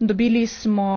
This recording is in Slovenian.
dobili smo